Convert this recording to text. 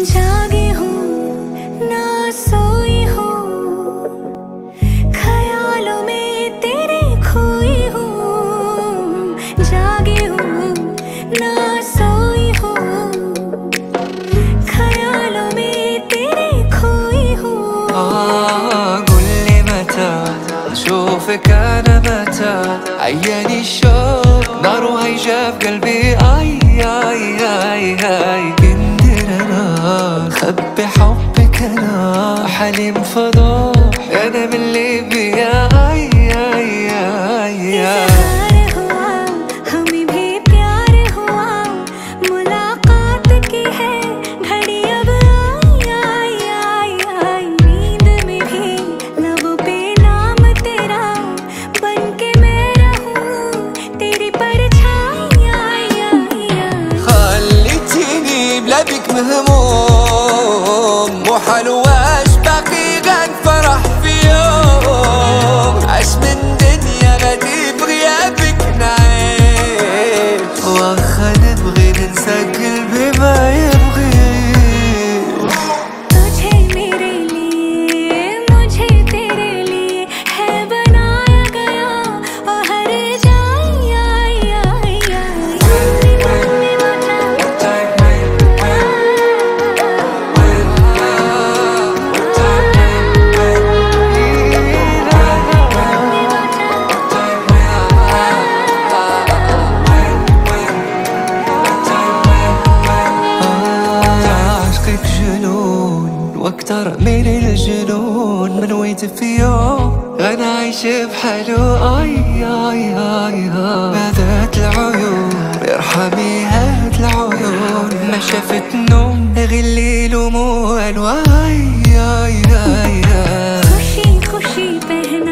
जागी हूँ ना सोई हूँ ख्यालों में तेरे खोई हूँ जागी हूँ ना सोई हूँ ख्यालों में तेरे खोई हूँ قول لي متى أشوفك أنا متى عياني الشوق نار هيجا في قلبي أي أي أي أي حليم فضوح انا من ليبيا يا اي اي اي, آي خليتيني بلا مهموم مو حلوه دقيقة انفرح في يوم عش من دي ترمي لي الجنون من ويت في يوم انا عايش بحلو اي اي اي اي ماذات العيون ارحمي هات العيون ما شافت نوم غير الليل ومو انواع اي اي اي خشي خشي بهنا